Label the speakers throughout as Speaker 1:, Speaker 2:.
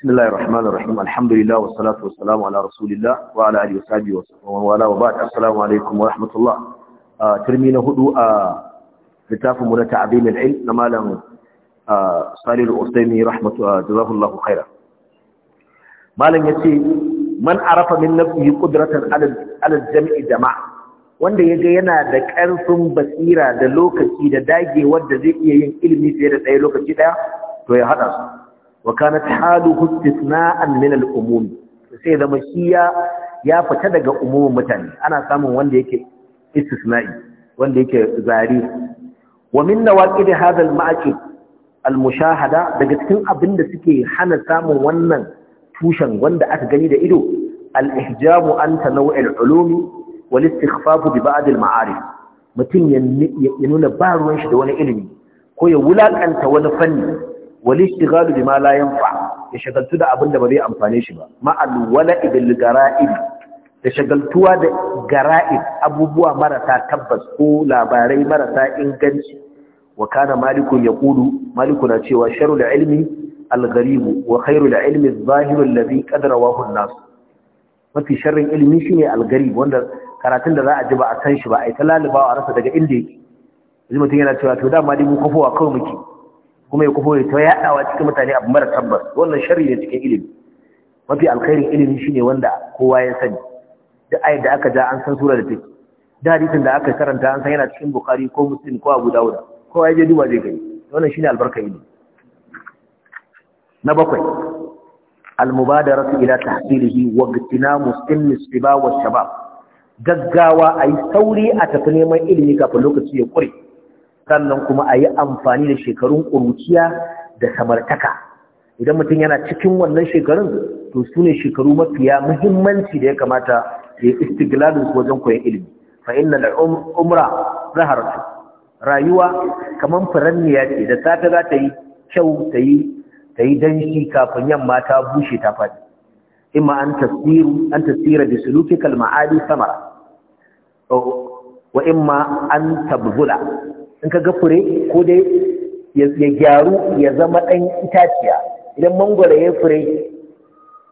Speaker 1: بسم الله الرحمن الرحيم الحمد لله والصلاة والسلام على رسول الله وعلى آله وصحبه ومن وبعد السلام عليكم ورحمة الله ترمينا هدوء littafin mu na ta'abimin ilm na malam ah, salil usaimi rahmatu ah, jazakallahu khaira malam yace man arafa min nafsihi qudratan ala jami'i jama'a wanda yaga yana da ƙarfin basira da lokaci da dagewar da zai iya yin ilimi fiye da ɗaya lokaci ɗaya to ya haɗa su wa kanat haluhu istisna'an min sai zama shi ya fita daga umumin mutane ana samun wanda yake istisna'i wanda yake zari wa min nawaqid hadha al-ma'qid al-mushahada daga cikin abin da suke hana samun wannan tushen wanda aka gani da ido al Anta an tanawu' al-ulumi wal istikhfafu bi ba'd al-ma'arif mutum ya nuna ba ruwan shi da wani ilimi ko ya wulakanta wani fanni wal ishtighalu bima la yanfa ya shagaltu da abin da ba zai amfane shi ba ma'al wala'i bil gara'ib da shagaltuwa da gara'ib abubuwa marasa tabbas ko labarai marasa inganci wa kana malikun yaqulu maliku na cewa sharul ilmi al gharib wa khairul ilmi al zahir alladhi qadara wahu an nas mafi sharrin ilmi shine al gharib wanda karatun da za a ji ba a san shi ba ai talalibawa rasa daga inda yake yanzu mutum yana cewa to dama dai mu kofowa kawai muke kuma ya kufo ya ta yaɗawa cikin mutane abu mara tabbas wannan sharri ne cikin ilimi mafi alkhairin ilimi shine wanda kowa ya sani da ayi da aka ja an san sura da take da hadisin da aka karanta an san yana cikin bukari ko muslim ko abu dawud kowa ya je duba zai gani wannan shine albarkar ilimi na bakwai almubadaratu ila tahsilihi wa igtinamu sinni siba wa shabab gaggawa ai sauri a tafi neman ilimi kafin lokaci ya kure sannan kuma a yi amfani da shekarun ƙuruciya da samartaka idan mutum yana cikin wannan shekarun to su ne shekaru mafiya muhimmanci da ya kamata ya yi su wajen koyan ilimi fa inna da umra su rayuwa kamar ya ce da sata za ta yi kyau ta yi ta yi danshi kafin yamma ta bushe ta faɗi imma an tasiru an tasira bi sulukikal ma'ali samara wa imma an tabzula in ka ga fure ko dai ya gyaru ya zama ɗan itaciya idan mangwaro ya fure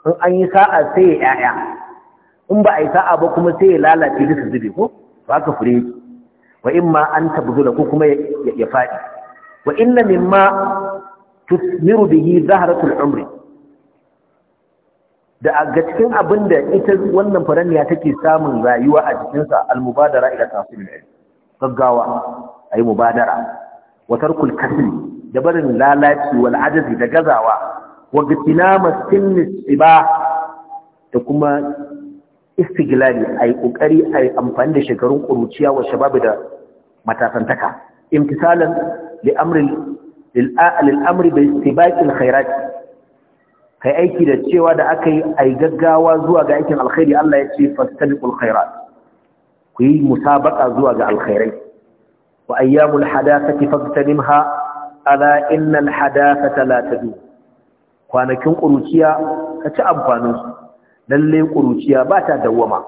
Speaker 1: in an yi sa'a sai ya ƴaƴa in ba a yi sa'a ba kuma sai ya lalace duka zube ko ba ka fure wa in ma an tabzula ko kuma ya faɗi wa inna mimma tusmiru bihi zaharatul umri da ga cikin abin da ita wannan faranniya take samun rayuwa a jikinsa al-mubadara ila tasirin ilmi gaggawa ayi mubadara wa tarkul da barin lalaci wal ajazi da gazawa wa gitinama sinni siba da kuma istiglali ƙoƙari a yi amfani da shekarun ƙuruciya wa shababi da matasantaka imtisalan li amri lil amri kai aiki da cewa da aka yi ai gaggawa zuwa ga aikin alkhairi Allah ya ce fastabiqul khairat ku yi musabaka zuwa ga alkhairai wa ayyamul hadathati fagtanimha ala innal hadathata la tadu kwanakin kuruciya ka ci amfanin su lalle kuruciya ba ta dawwama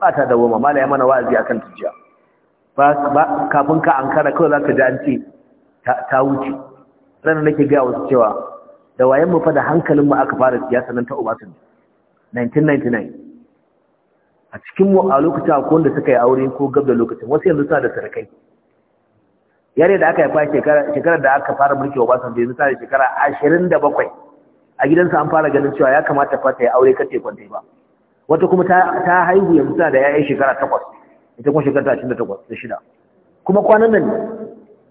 Speaker 1: ba ta dawwama malaya mana wa'azi akan tijja ba kafin ka ankara kawai zaka ji an ce ta wuce ranar nake ga wasu cewa da wayan mu fa da hankalin mu aka fara siyasa nan ta Obasanjo 1999 a cikin mu a lokacin ko wanda suka yi aure ko gab da lokacin wasu yanzu suna da sarakai yare da aka haifa shekarar da aka fara mulki Obasanjo yanzu tare shekara ashirin da bakwai a gidansa an fara ganin cewa ya kamata fa ta yi aure kace kwanta ba wata kuma ta haihu yanzu tana da yayin shekara takwas ita kuma shekara ashirin da 6 da shida kuma kwanan nan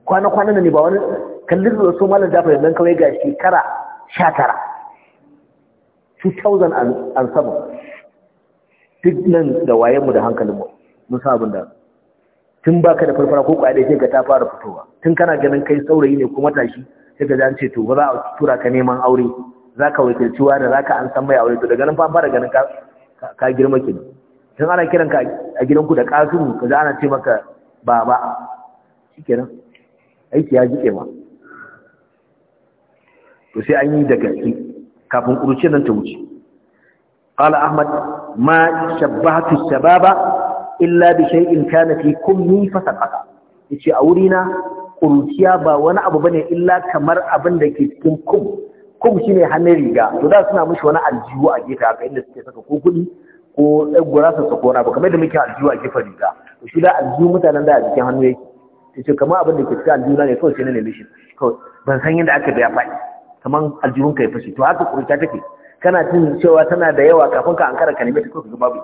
Speaker 1: kwana kwanan nan ne ba wani kallin da so malam dafa yanzu kawai ga shekara sha tara 2007 duk nan da wayenmu da hankalinmu mun sa abin da tun baka da farfara ko kwaya da ke ka ta fara fitowa tun kana ganin kai saurayi ne ko matashi sai ka zan ce to ba za a tura ka neman aure za ka wakilci da za ka an san mai aure to daga nan fa fara ganin ka ka girma kenan tun ana kiran ka a gidan ku da kasuru ka ana ce maka baba shikenan aiki ya jike ma to sai an yi da gaske kafin kuruciyar nan ta wuce qala ahmad ma shabbahatu shababa illa bi shay'in kana fi kummi fasaqata yace a wurina kuruciya ba wani abu bane illa kamar abin da ke cikin kum kum shine hannun riga to da suna mishi wani aljihu a gefe haka inda suke saka ko kudi ko gurasa su kona ba kamar da muke aljihu a gefen riga to shi aljihu mutanen da a cikin hannu yake yace kamar abin da ke cikin aljihu ne kawai sai na ban san yadda biya kamar aljihun kai fashi to haka take kana jin cewa tana da yawa kafin ka ankara ka nemi ta ga babu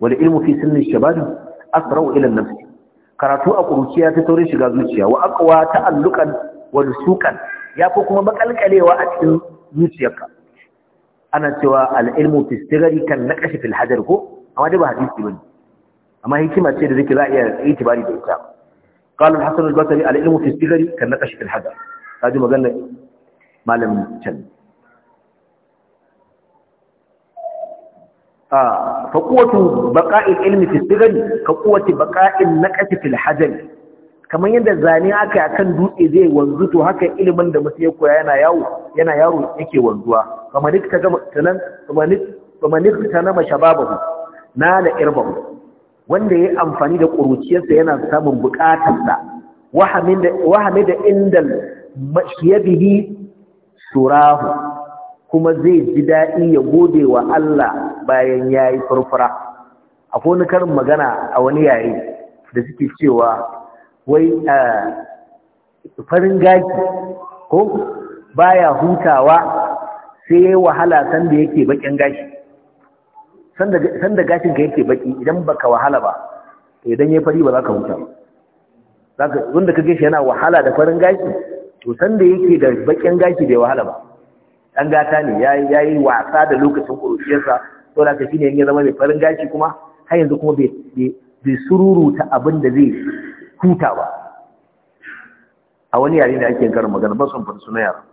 Speaker 1: wal ilmu fi sinni shabab asra'u ila an-nafs karatu a kuruciya ta taurin shiga zuciya wa aqwa wani sukan. Ya fi kuma makalkalewa a cikin zuciyarka ana cewa al'ilmu ilmu fi istigari kan naqash fil hajar ko amma dai ba hadisi bane amma hikima ce da zake za a iya itibari da ita قال الحسن البصري العلم في الصغر كالنقش في الحجر هذه مغنى معلم جن fa kuwatu baqa'il ilmi fi sigari ka kuwati baqa'in naqati fil hajari kamar yadda zane aka akan dutse zai wanzu to haka ilimin da mutum ya koya yana yawo yana yaro yake wanzuwa kamar nik ta gama tanan kamar nik kamar nik ta na da irbahu wanda yayi amfani da sa yana samun sa wahamin da wahamin da indal mashiyadihi surahu kuma zai ji daɗi ya gode wa Allah bayan ya yi furfura ko wani karin magana a wani yare da suke cewa wai farin gaji ko baya hutawa sai yi wahala sanda yake bakin gashi sanda gashin ka yake baki idan baka wahala ba idan ya fari ba za ka huta wanda ka gashi yana wahala da farin gashi to sanda yake da bakin gashi bai wahala ba dan gata ne ya yi wasa da lokacin ƙuruciyarsa. to da shi ne ya zama mai farin gashi kuma har yanzu kuma bai sururuta abin da zai huta ba a wani yare da ake karin magana ba son farsu na yara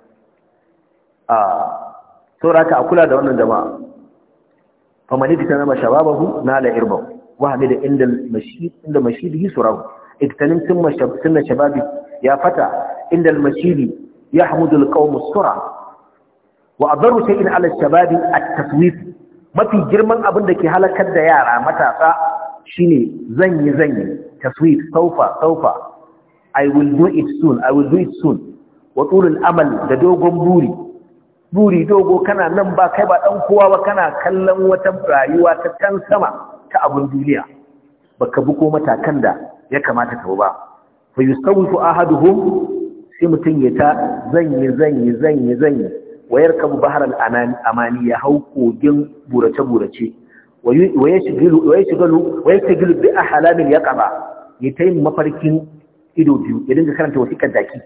Speaker 1: a sauraka a kula da wannan jama'a famani ta nama shababahu na la ba. wa da inda mashid inda mashidi surahu iktanin sun mashabtin shababi ya fata inda mashidi yahmudu alqawm sura wa adarru ina ala shababi at-taswif mafi girman abin da ke halakar da yara matasa shine zanyi zanyi taswif saufa saufa i will do it soon i will do it soon wa amal da dogon buri buri dogo kana nan ba kai ba dan kowa ba kana kallon wata rayuwa ta kan sama ta abun duniya baka bi ko matakan da ya kamata ka ba fa yusawifu ahaduhum sai mutun ya ta zanyi zanyi zanyi zanyi wayar kabu bahar amani ya hau kogin burace-burace waye shigalu bi a halamin ya ƙaba ya ta yin mafarkin ido biyu ya dinga karanta wasikar daki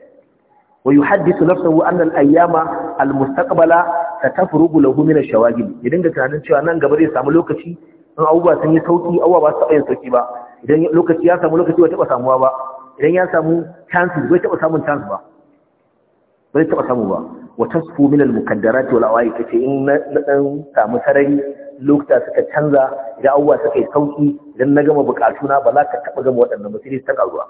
Speaker 1: wayu haddisu nafsahu annal ayyama almustaqbala satafrugu lahu min ash-shawagil ya dinga tunanin cewa nan gaba zai samu lokaci in abubuwa sun yi sauki abubuwa ba su taɓa yin sauki ba idan lokaci ya samu lokaci ba taɓa samuwa ba idan ya samu chance bai taɓa samun chance ba bai taba samu ba wa su min mukaddarat wal awai kace in na dan samu sarari lokuta suka canza idan awwa suka yi sauki idan na gama bukatu na ba za ka taba gama waɗannan ba sai ta karuwa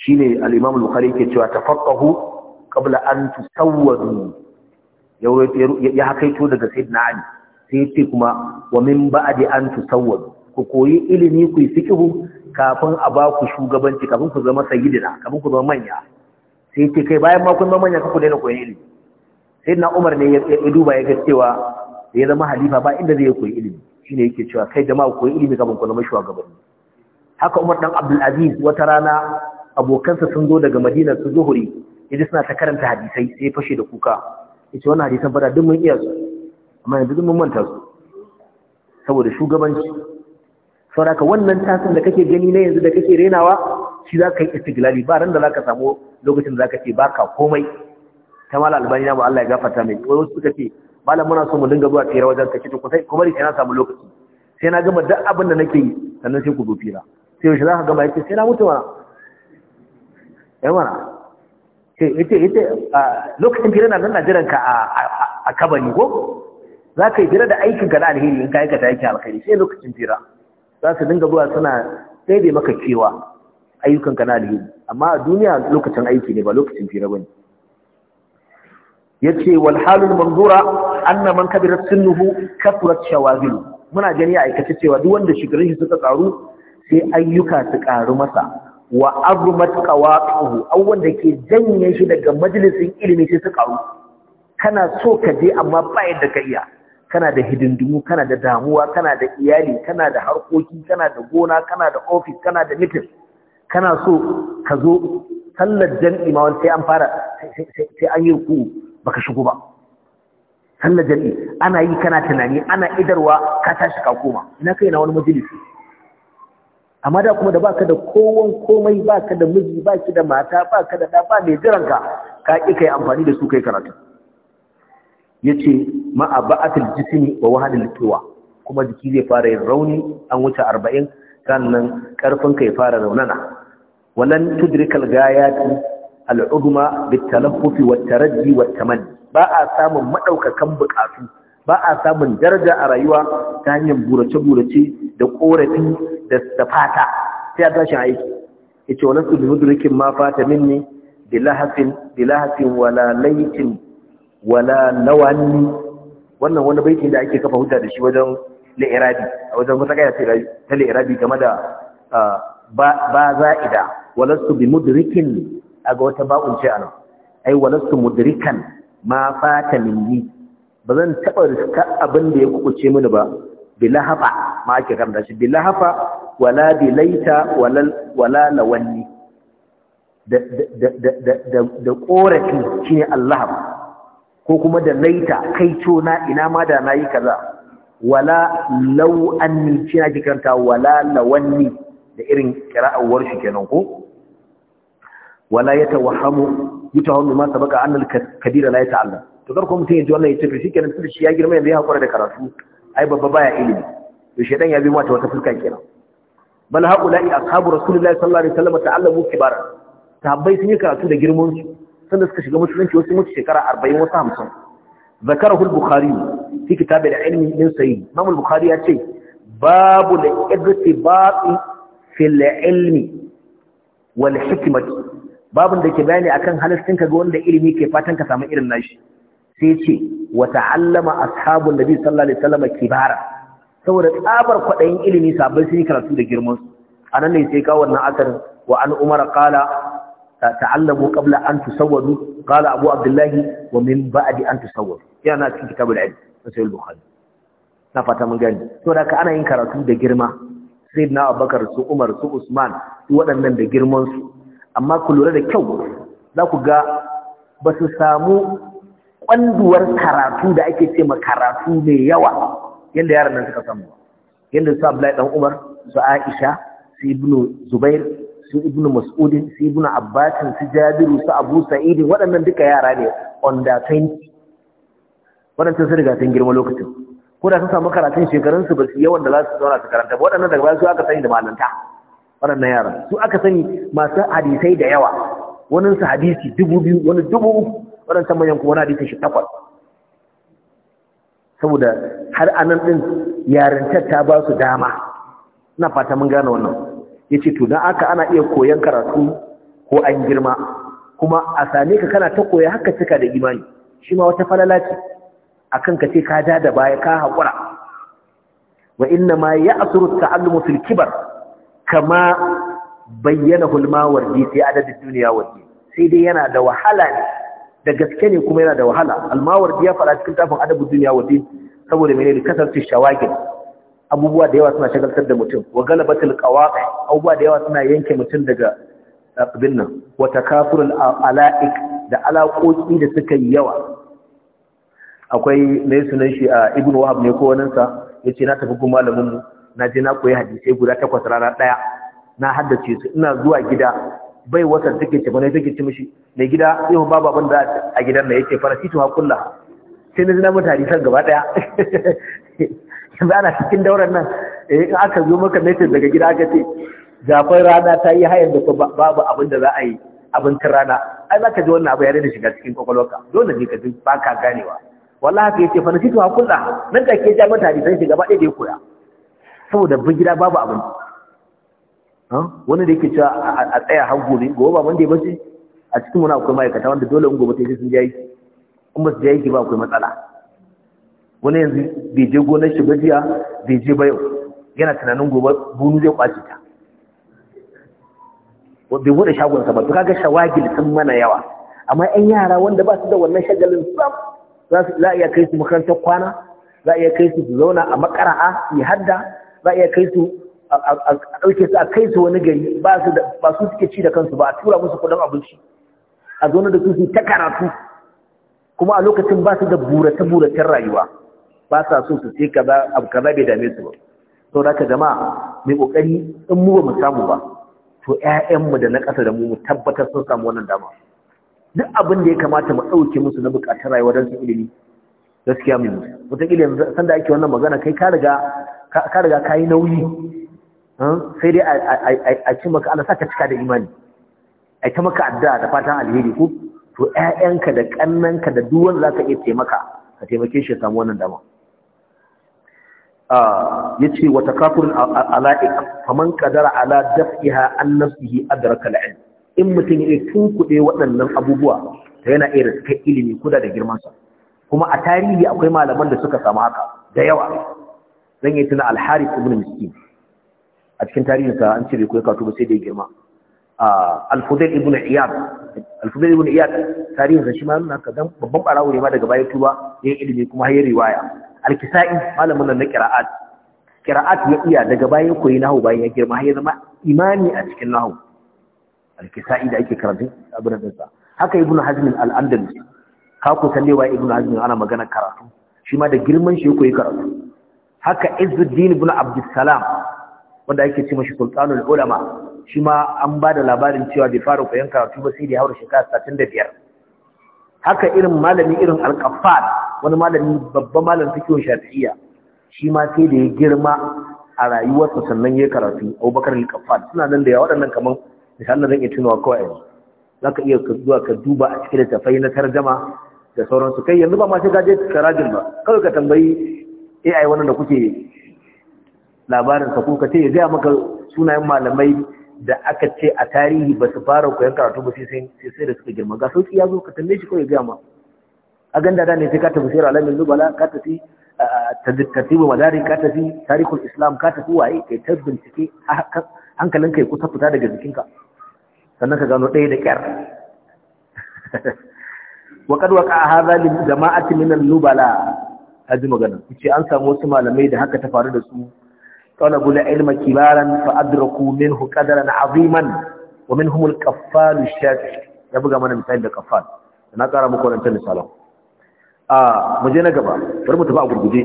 Speaker 1: shine al-imam al-bukhari yake cewa tafaqahu qabla an tusawwadu ya hakaito daga sayyidina ali sai yace kuma wa min ba'di an tusawwadu ku koyi ilimi ku yi fiqhu kafin a ba ku shugabanci kafin ku zama sayyidina kafin ku zama manya sai ce kai bayan ma kun zama manya ku daina koyi ilimi sai na Umar ne ya duba ya ga cewa ya zama halifa ba inda zai koyi ilimi shine yake cewa kai jama'a koyi ilimi kafin ku zama shugabanni haka Umar dan Abdul Aziz wata rana abokansa sun zo daga Madina su zuhuri yaji suna ta karanta hadisai sai fashe da kuka yace wannan hadisan fada duk mun iya su amma yanzu duk mun manta su saboda shugabanci sauraka wannan tasin da kake gani na yanzu da kake renawa shi za ka yi istiglali ba ran da za ka samu lokacin da za ka ce ba ka komai ta mala albani na ma'ala Allah ya gafata mai wasu suka ce malam muna so mu dinga zuwa tsira wajen kace to kusai kuma rikina na samu lokaci sai na gama duk abin da nake yi sannan sai ku zo fira sai yaushe za ka gama yace sai na mutu mana mana sai lokacin fira na nan na jiran ka a kabari ko za ka yi fira da aikinka na alheri in ka aikata yake alkhairi? sai lokacin fira za su dinga zuwa suna ɗaiɗe maka kewa ayyukanka na alheri amma a duniya lokacin aiki ne ba lokacin fira ba ne ya ce walhalin manzura an na man kabirar sinuhu kafurat shawazilu muna gani a aikace cewa duk wanda shekarun shi suka karu sai ayyuka su karu masa wa azumat qawaqahu aw wanda ke janye shi daga majalisin ilimi sai su karu kana so ka je amma ba yadda ka iya kana da hidindimu kana da damuwa kana da iyali kana da harkoki kana da gona kana da ofis kana da mitin kana so ka zo sallar jam'i ma sai an fara sai an yi ruku baka shigo ba sallar jam'i ana yi kana tunani ana idarwa ka tashi ka koma ina kai na wani majalisi amma da kuma da baka da kowan komai baka da miji baki da mata baka da da ba mai jiranka ka ki kai amfani da su kai karatu yace ma aba'atul jismi wa wahalil kuma jiki zai fara yin rauni an wuce 40 sannan karfin ka ya fara raunana walan tudrikal gayati al'udma bitalaffufi wata wattamanni ba a samun madaukakan bukatu ba a samun daraja a rayuwa ta hanyar burace-burace da ƙorafi da fata sai a tashin aiki yace walan tudrikin ma fata minni bilahasin bilahasin wala wala lawanni wannan wani baiti da ake kafa hujja da shi wajen li'irabi a wajen wata kaya ta li'irabi game da ba za'ida walastu bi mudrikin a ga wata ba'un ce ana ai walastu mudrikan ma fata minni ba zan taɓa riska abin da ya kukuce mini ba bilahafa ma ake karanta shi bilahafa wala bilaita wala lawanni da ƙorafi shine Allah ko kuma da laita kai na ina ma da na yi kaza wala law anni shi nake karanta wala lawanni da irin qira'awar shi kenan ko wala ya yatawahhamu yatawahhamu ma sabaka annal kabira la yata'allam to kar ko mutum ya ji wannan ya ce shi kenan tunda shi ya girma yanzu ya hakura da karatu ai babba baya ilimi to shedan ya bi mata wata fuska kenan bal haula'i ashabu rasulillahi sallallahu alaihi wasallam ta'allamu kibara Tabbai sun yi karatu da girman su sanda suka shiga musulunci wasu mutu shekara arba'in wasu hamsin zakara al-bukhari fi kitab da ilmi min sayi. imam bukhari ya ce babu da irtibati fil ilmi wal hikmati babun da ke bayani akan halastin ka ga wanda ilimi ke fatan ka samu irin nashi sai ce wa ta'allama ashabun nabi sallallahu alaihi wasallam kibara saboda tsabar kwadayin ilimi sabai sun yi karatu da girman su anan ne sai ka wannan asarin wa an umar qala ta'allamu qabla an tusawwadu qala abu abdullah wa min ba'di an tusawwadu yana cikin kitabul ilm sai al-bukhari na fata mun gani to da ka ana yin karatu da girma sayyidina abubakar su umar su usman su waɗannan da girman su amma ku lura da kyau za ku ga ba su samu kwanduwar karatu da ake ce ma karatu mai yawa yadda yaran nan suka samu yadda su Abdullahi dan Umar su Aisha su Ibnu Zubair su ibn mas'udin su ibn abbasin su jabiru su abu sa'idin waɗannan duka yara ne under 20 waɗancan su riga sun girma lokacin ko da sun samu karatun shekarun su ba su yawan da za su zauna su karanta ba waɗannan daga su aka sani da malanta waɗannan yara. su aka sani masu hadisai da yawa wani su hadisi dubu biyu wani dubu uku waɗancan manyan kuma wani hadisi shi takwas saboda har anan ɗin yarintar ta ba su dama ina fata mun gane wannan ce to dan aka ana iya koyan karatu ko an girma kuma a same ka kana ta koya haka cika da imani shi ma wata falala ce akan ka ce ka ja da baya ka haƙura wa inna ma ya'suru ta'allumu fil kibar kama bayyana hulmawardi sai adadin duniya wardi sai dai yana da wahala ne da gaske ne kuma yana da wahala almawardi ya faɗa cikin tafin adabin duniya wardi saboda menene kasance shawagin abubuwa da yawa suna shagaltar da mutum wa galabatul qawaqi abubuwa da yawa suna yanke mutum daga eh, abin nan wa takafurul alaik da alaƙoƙi da suka yi yawa akwai mai sunan shi a ah, ibn wahab ne ko wannan sa yace na tafi gun malamin mu na je na koyi hadisi guda takwas rana daya na haddace su ina zuwa gida bai wata take ce bane take ce mishi mai gida yau babu abin da a gidan nan yake fara situ hakulla sai na ji na mutane san gaba daya yanzu ana cikin dauran nan eh, in aka zo maka message daga gida aka ce zafin rana ta yi hayan da babu abin da za a yi abincin rana ai za ka ji wannan abu ya da shiga cikin kwakwalwarka dole ne ka ji ba ka ganewa wallahi ka yace fa nasitu hakulla nan da ke ja mata sai shiga ba ɗaya da ya koya saboda bin gida babu abin wani da yake cewa a tsaya har gobe gobe ba wanda ya bace a cikin wani akwai ma'aikata wanda dole in gobe ta yi sun je aiki in ba su je aiki ba akwai matsala wani yanzu bai je gonar shi ba jiya bai je ba yau yana tunanin gobe bunu zai kwace ta bai bude shagonsa ba to kaga shawagil sun mana yawa amma yan yara wanda ba su da wannan shagalin sam za su za iya kai su makarantar kwana za a iya kai su zauna a makara'a su hadda za a iya kai su a ɗauke su a kai su wani gari ba su ba su suke ci da kansu ba a tura musu kuɗin abinci a zaune da su su ta karatu kuma a lokacin ba su da burace-buracen rayuwa ba sa so su ce kaza abu bai dame su ba sau da ka jama'a mai kokari in mu ba mu samu ba to 'ya'yanmu da na ƙasa da mu mu tabbatar sun samu wannan dama duk abin da ya kamata mu ɗauke musu na buƙatar rayuwa don su ilimi gaskiya mai musu wataƙila yanzu sanda ake wannan magana kai ka riga ka yi nauyi hmm, sai dai a ci maka ana sa ka cika da imani a ta maka addu'a da fatan alheri ko to ƴaƴanka da ƙannanka da duk wanda zaka iya taimaka ka taimake shi ya samu wannan dama ya ce wata kafirin ala'ik faman kadara ala daf'iha an nafsihi adraka al'ilm in mutum ya tunkuɗe waɗannan abubuwa ta yana iya riska ilimi kuda da girmansa kuma a tarihi akwai malaman da suka samu haka da yawa zan yi tuna alharis ibn miskin a cikin tarihinsa an cire ko ya kawo sai da ya girma alfudai ibn iyad alfudai ibn iyad tarihinsa shi ma nuna haka dan babban barawo ne ma daga baya tuba ya yi ilimi kuma har riwaya alkisa'i malamin nan na qira'at qira'at ya iya daga bayan koyi nahu bayan ya girma har ya zama imani a cikin nahu alkisa'i da ake karatu abin da sa haka ibnu hazm al-andalus ka ku sallewa ibnu hazm ana magana karatu shi ma da girman shi ya koyi karatu haka izzuddin ibn abdussalam wanda ake ce mashi sultanul ulama shi ma an ba da labarin cewa bai fara koyon karatu ba sai da ya haura shekara 65 haka irin malami irin alkafar wani malami babban malamin fikiyon shafi'iyya shi ma sai da ya girma a rayuwarsa sannan ya karatu Abubakar al-Qaffal suna nan da ya waɗannan kaman misalan zan iya tunawa kawai yanzu ka iya zuwa ka duba a cikin littafai na tarjama da sauransu kai yanzu ba ma sai gaje karajin ba kawai ka tambayi AI wannan da kuke labarin sa ko ka ce ya gaya maka sunayen malamai da aka ce a tarihi ba su fara koyon karatu ba sai sai da suka girma ga sauki ya zo ka tambaye shi kawai ya gaya maka agan da dane sai ka tafsir alamin zubala ka tafi tadkatibu madari ka tafi tarikhul islam ka waye kai tabbin cike hankalin kai ku ta fita daga jikinka sannan ka gano dai da kyar wa kad waqa hadha li jama'ati min al-nubala hadi magana kici an samu wasu malamai da haka ta faru da su talabul ilma kibaran fa adraku minhu qadran aziman wa minhum al-kaffal ash ya buga mana misali da kaffal na kara muku wannan misalan a muje na gaba bari mu tafi a gurguje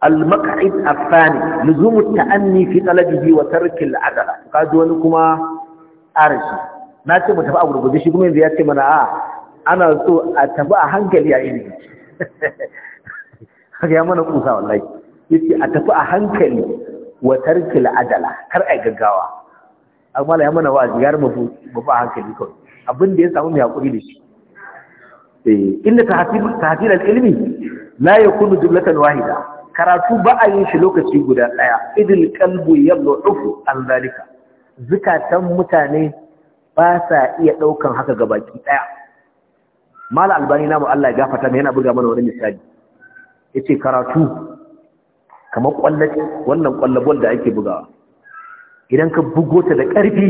Speaker 1: al-maq'id al-thani luzum at-ta'anni fi talabihi wa tark al-adala kaji wani kuma arshi na ce mu tafi a gurguje shi kuma yanzu ya ce mana a ana so a tafi a hankali a ilimi haka ya mana kusa wallahi yace a tafi a hankali wa tark al-adala kar ai gaggawa amma la ya mana wa'azi ya rubu ba hankali kawai abin da ya samu mai hakuri da shi Eh, inda tahsil ilimi ilmi ya yakunu jumlatan wahida karatu ba a yin shi lokaci guda daya idil qalbu yadhufu an zalika zukatan mutane ba sa iya daukan haka gabaki daya mal albani namu Allah ya fata mai yana buga mana wani misali yace karatu kamar kwallace wannan kwallabon da ake bugawa idan ka bugo ta da karfi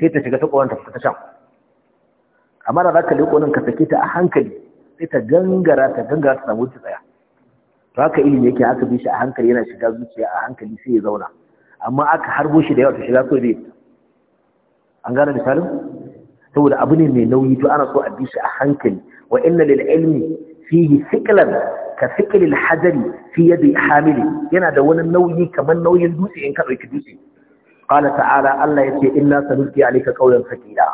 Speaker 1: sai ta shiga ta kwanta ta can amma da zaka leko nan ka sake ta a hankali sai ta gangara ta gangara ta samu tsaya to haka ilimi yake aka bi shi a hankali yana shiga zuciya a hankali sai ya zauna amma aka harbo shi da yawa to shiga so zai an gane misalin saboda abu ne mai nauyi to ana so a bi shi a hankali wa inna lil ilmi fihi thiqlan ka thiqlil hajari fi yadi hamili yana da wani nauyi kamar nauyin dutse in ka dauki dutse qala ta'ala Allah yace inna sanulqi alayka qawlan thaqila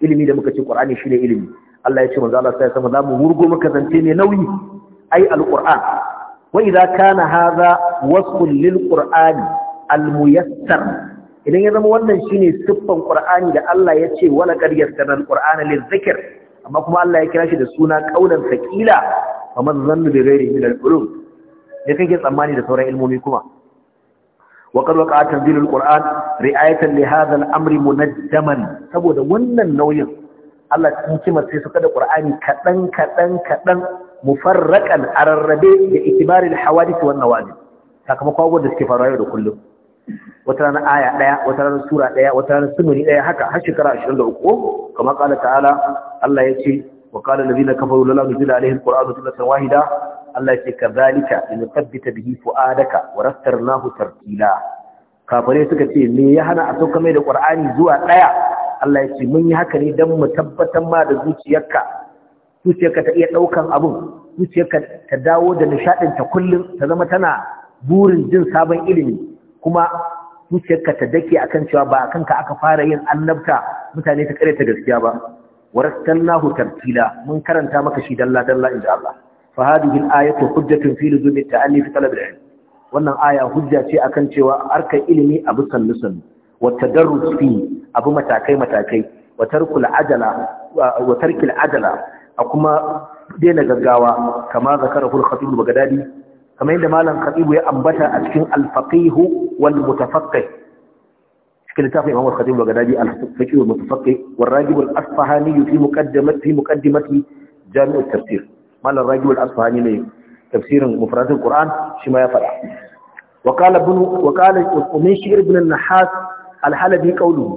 Speaker 1: ilimi da muka ce qur'ani shine ilimi Allah ya ce manzo Allah sai sama mu wurgo muka zance ne nauyi ai alquran wa idza kana hadha wasfun lilqur'ani almuyassar idan ya zama wannan shine siffan qur'ani da Allah ya ce wala qad yassara alqur'ana lizikr amma kuma Allah ya kira shi da suna qaulan thaqila faman zannu bi ghairi min alqulub ne kake tsammani da sauran ilmomi kuma وقد وقع تنزيل القرآن رعاية لهذا الأمر منجما سبو ده ونن نوين الله تنكما سيسو كده قرآن كتن كتن كتن مفرقا على الربيع باعتبار الحوادث والنوازل ساكما قوة ده سكفار رايو كله وترانا آية ليا وترانا سورة ليا وترانا سمني ليا حكا هشكرا أشهر الله كما قال تعالى الله يتي وقال الذين كفروا للا نزل عليه القرآن ثلاثا واحدة Allah ce ka zalika in tabbita bihi fu'adaka wa rastarnahu tartila kafare suka ce me ya hana a sauka mai da Qur'ani zuwa daya Allah ya ce mun yi haka ne dan mu tabbatar ma da zuciyarka zuciyarka ta iya daukan abun zuciyarka ta dawo da nishadin ta kullun ta zama tana burin jin sabon ilimi kuma zuciyarka ta dake akan cewa ba akan ka aka fara yin annabta mutane ta kare ta gaskiya ba warastallahu tartila mun karanta maka shi dalla dalla insha Allah fa hadhihi al-ayatu hujjatun fi luzum at-ta'alli fi talab al-ilm wannan aya hujja ce akan cewa arka ilimi abu sallusun wa tadarrus fi abu matakai matakai wa tarkul ajala wa ajala a kuma daina gaggawa kama zakarahu al-khatib bagdadi kamar yadda malam khatibu ya ambata a cikin al-faqih wal mutafaqqih cikin littafin Imam al-Khatib al-Baghdadi al-Faqih wal mutafaqqih wal Ragib al-Asfahani fi muqaddimati fi muqaddimati Jami' al-Tafsir malam ragibul asfahani mai tafsirin mufratin qur'an shi ma ya fada wa qala ibn wa qala min shi'r ibn an-nahas al-halabi qawluhu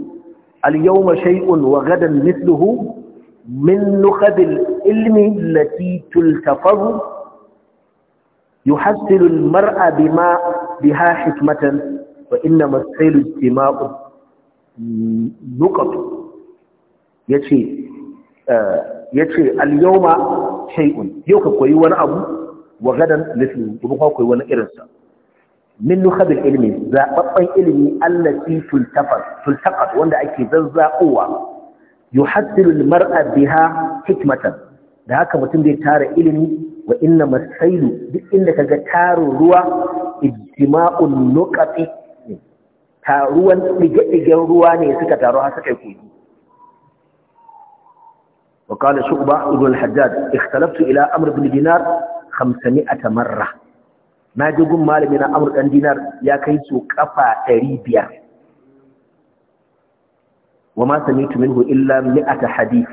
Speaker 1: al-yawma shay'un wa gadan mithluhu min nukhad al-ilmi allati tultafazu yuhassilu al-mar'a bima biha hikmatan wa innama as-sayl ijtima'u nuqat yace Eh, ya ce al-yawma shay'un yau ka koyi wani abu wa gadan mithlu kuma ka koyi wani irinsa min nukhabil ilmi zababban ilimi allati tultaqat tultaqat wanda ake zazzaquwa yuhaddilu al-mar'a biha hikmatan da haka mutum zai tara ilimi wa inna masailu duk inda kaga tarin ruwa ijtima'un nuqati taruwan dige-digen ruwa ne suka taru har suka yi وقال شعبة ابن الحجاج اختلفت إلى أمر بن دينار خمسمائة مرة ما جبن مال من أمر بن دينار يا كيسو كفا تريبيا وما سمعت منه إلا مئة حديث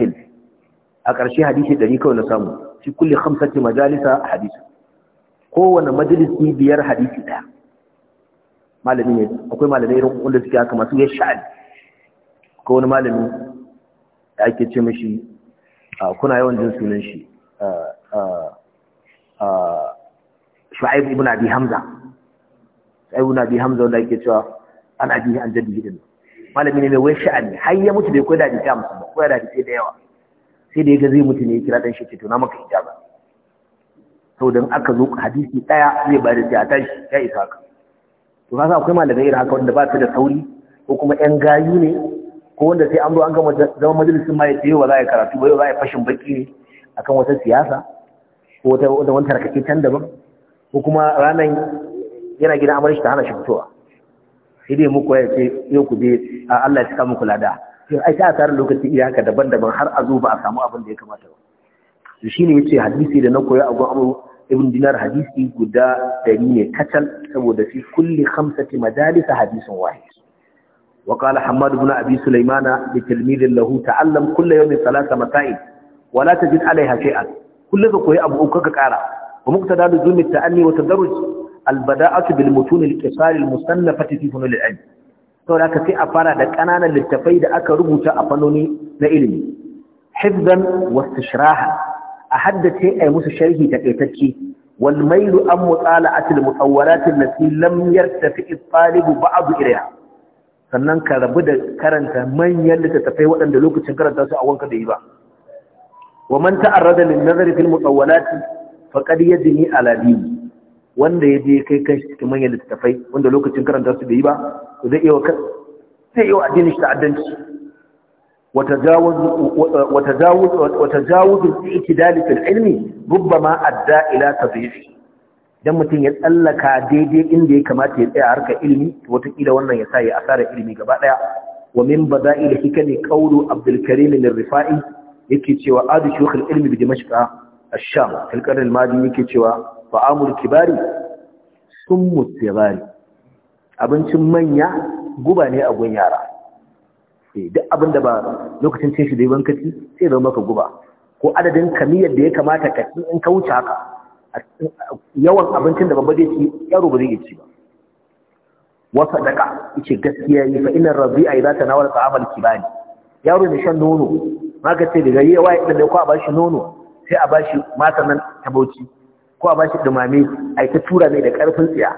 Speaker 1: أقرشي حديث دريك ونسامه في كل خمسة مجالس حديث kowane majalisi biyar hadisi ɗaya malami ne akwai malamai irin wanda suke haka masu ya sha'ani ko wani malami da ake ce mashi kuna yawan jin sunan shi shu'aib ibn abi hamza shu'aib ibn abi hamza wanda yake cewa an abi an jaddi din malami ne mai wai sha'ani har ya mutu bai koyi da hadisi amsa ba koyi da hadisi da yawa sai da ya ga zai mutu ne ya kira dan shi ce to na maka to dan aka zo hadisi daya zai ba da ta tashi ya isa ka to kaga akwai malamai irin haka wanda ba su da sauri ko kuma yan gayu ne ko wanda sai an zo an gama zama majalisun ma ya ce yau za a yi karatu ba yau za a yi fashin baki ne akan wata siyasa ko wata wani tarkace can daban ko kuma ranar yana gidan amar shi ta hana shi fitowa sai dai muku ya ce yau ku je Allah ya kula muku lada ai ta tare lokaci iya haka daban-daban har a zo ba a samu abin da ya kamata ba to shine yace hadisi da na koya a gun ibn dinar hadisi guda dari ne kacal saboda fi kulli khamsati majalisa hadisin wahid وقال حماد بن أبي سليمان لتلميذ له تعلم كل يوم ثلاث مسائل ولا تجد عليها شيئا كل ذلك هي أبو أوكاك كارا ومقتدى لزوم التأني وتدرج البداءة بالمتون القصار المصنفة في فنون العلم saboda aka sai a fara da ƙananan littattafai da aka rubuta a fannoni na ilimi hifzan wastishraha a haddace a yi musu sharhi takaitacce wal an mutsala atil mutawwalatin lati lam yartafi talibu sannan ka rabu da karanta manyan littattafai waɗanda lokacin karanta su a wanka da yi ba wa man ta'arrada lin nazari fil mutawwalati faqad yadni ala dini wanda ya je kai kan cikin manyan littattafai wanda lokacin karanta su da yi ba zai iya zai iya addinin shi ta'addanci wa tajawuz wa tajawuz wa tajawuz al-i'tidal fil ilmi rubbama adda ila tadhifi don mutum ya tsallaka daidai inda ya kamata ya tsaya harkar ilimi watakila wannan ya sa ya asara ilimi gaba daya wa min bada'il hikami qawlu Abdul Karim al-Rifa'i yake cewa adu shuyukh al-ilmi bi Dimashq ash-Sham al-qarn al-madi yake cewa fa'amul kibari summu sirari abincin manya guba ne a gun yara eh, duk abin da ba lokacin cin shi da yi wankaci sai zama maka guba ko adadin kamiyar da ya kamata ka ci in ka wuce haka yawan abincin da babba zai ci yaro ba zai ci ba wa sadaka yace gaskiya yi fa inna rabi'a idza tanawala ta'amal kibani yaro da shan nono maka ce daga yawa wai da ko a bashi nono sai a bashi matan nan ta bauchi ko a bashi dumame ai ta tura mai da karfin tsiya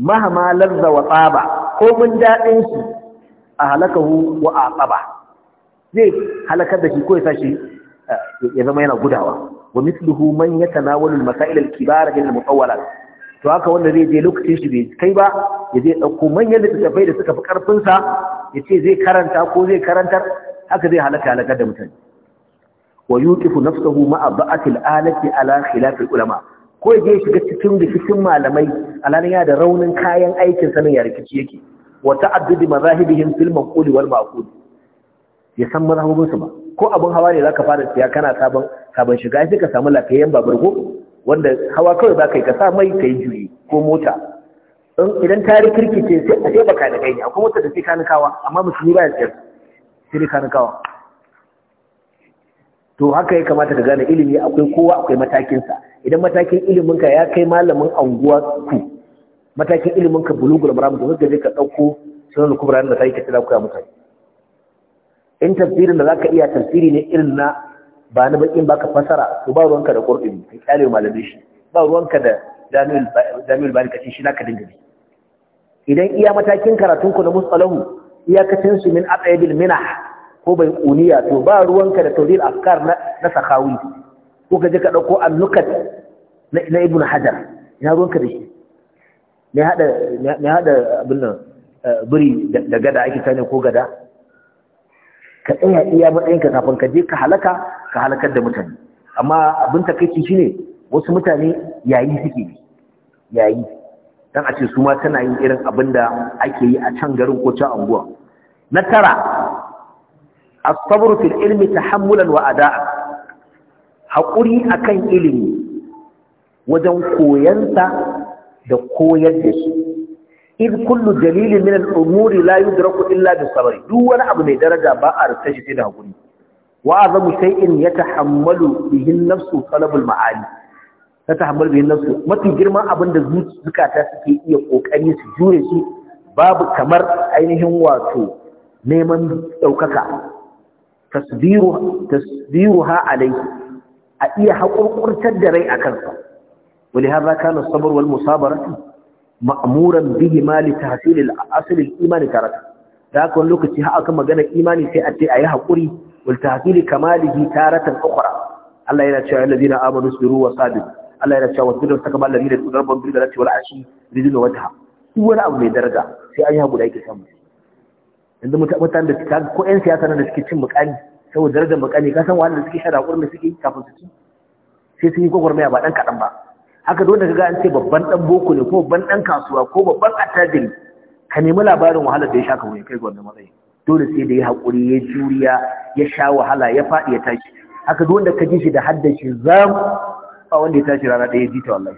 Speaker 1: mahama lazza wa tsaba ko mun dadin shi a halakahu wa a tsaba zai halakar da shi ko ya sa eh, ya zama yana gudawa wa mithluhu man yatanawalu al-masail al-kibara to haka wanda zai je lokacin shi bai kai ba ya zai dauko manyan littattafai da suka fi karfin sa ya ce zai karanta ko zai karantar haka zai halaka halaka da mutane wa yuqifu nafsuhu ma'a ba'atil alati ala khilafil ulama ko ya je shiga cikin rikicin malamai alalan ya da raunin kayan aikin sanin ya rikici yake wa ta'addudi mazahibihim fil maqul wal ma'qul ya san mazhabinsu ba ko abin hawa ne zaka fara siya kana sabon ka ban shiga sai ka samu lafiyayyen babur ko wanda hawa kawai ba kai yi ka sa mai ka yi juyi ko mota idan ta rikirkice sai a sai baka da kai ne akwai mota da sai kanikawa amma musu ba ya tsayar sai kanikawa to haka ya kamata ka gane ilimi akwai kowa akwai matakinsa idan matakin ilimin ka ya kai malamin anguwa ku matakin ka bulugul maramu, da zai ka ɗauko sunan kubra da sai ka tsira ku ya mutane in tafsirin da zaka iya tafsiri ne irin na ba na bakin baka fasara to ba ruwanka da qur'ani ka kyale malamin shi ba ruwanka da jami'ul jami'ul bani kace shi naka dinga idan iya matakin karatun ku na musalahu iyakacin su min aqaidil minah ko bai uniya to ba ruwanka da tawdil afkar na na sakawi ko kaje je ka dauko annukat na Ibn ibnu hajar ina ruwanka da shi Me hada ne hada abin nan eh, buri da gada ake tane ko gada ka tsaya iya matsayinka kafin ka je ka halaka ka halakar da mutane amma abin takaici shine wasu mutane yayi suke yi yayi dan a ce su ma tana yin irin abin da ake yi a can garin ko can anguwa na tara as sabr fil ilmi tahammulan wa ada'a hakuri akan ilimi wajen koyansa da koyar da shi إذ كل دليل من الأمور duk wani abu mai daraja ba a بقى رتشي da hakuri wa azamu shay'in yatahammalu bihi an-nafsu talabul ma'ali tatahammalu bihi an-nafsu mafi girman abinda zukata ke iya kokari su jure shi babu kamar ainihin wato neman ɗaukaka. tasbiru tasbiruha alayhi a iya haƙurƙurtar da rai akan sa ولهذا كان الصبر والمصابرة مأمورا بهما لتحصيل الأصل الإيمان تارة lokaci الوقت ها magana قال sai a أتي أيها قري والتعديل كماله تارة أخرى الله ينشاء الذين آمنوا اصبروا وصابروا الله ينشاء والذين استقبلوا الذين يدعون ربهم بالغداة والعشي يريدون وجهه wani abu mai daraja sai an yi hagu da ake samu yanzu mutane da suka ko 'yan siyasa na da suke cin mukami saboda darajar mukami ka san wahala da suke shan raƙuwar da suke yi kafin su ci sai sun yi ba kaɗan ba haka dole ka ga an ce babban dan boko ne ko babban dan kasuwa ko babban attajiri ka nemi labarin wahalar da ya sha ka wuya kai gwamnati matsayi dole sai da ya haƙuri ya juriya ya sha wahala ya faɗi ya tashi haka duk wanda ka ji shi da haddashi zam ba wanda ya tashi rana ɗaya ji ta wallahi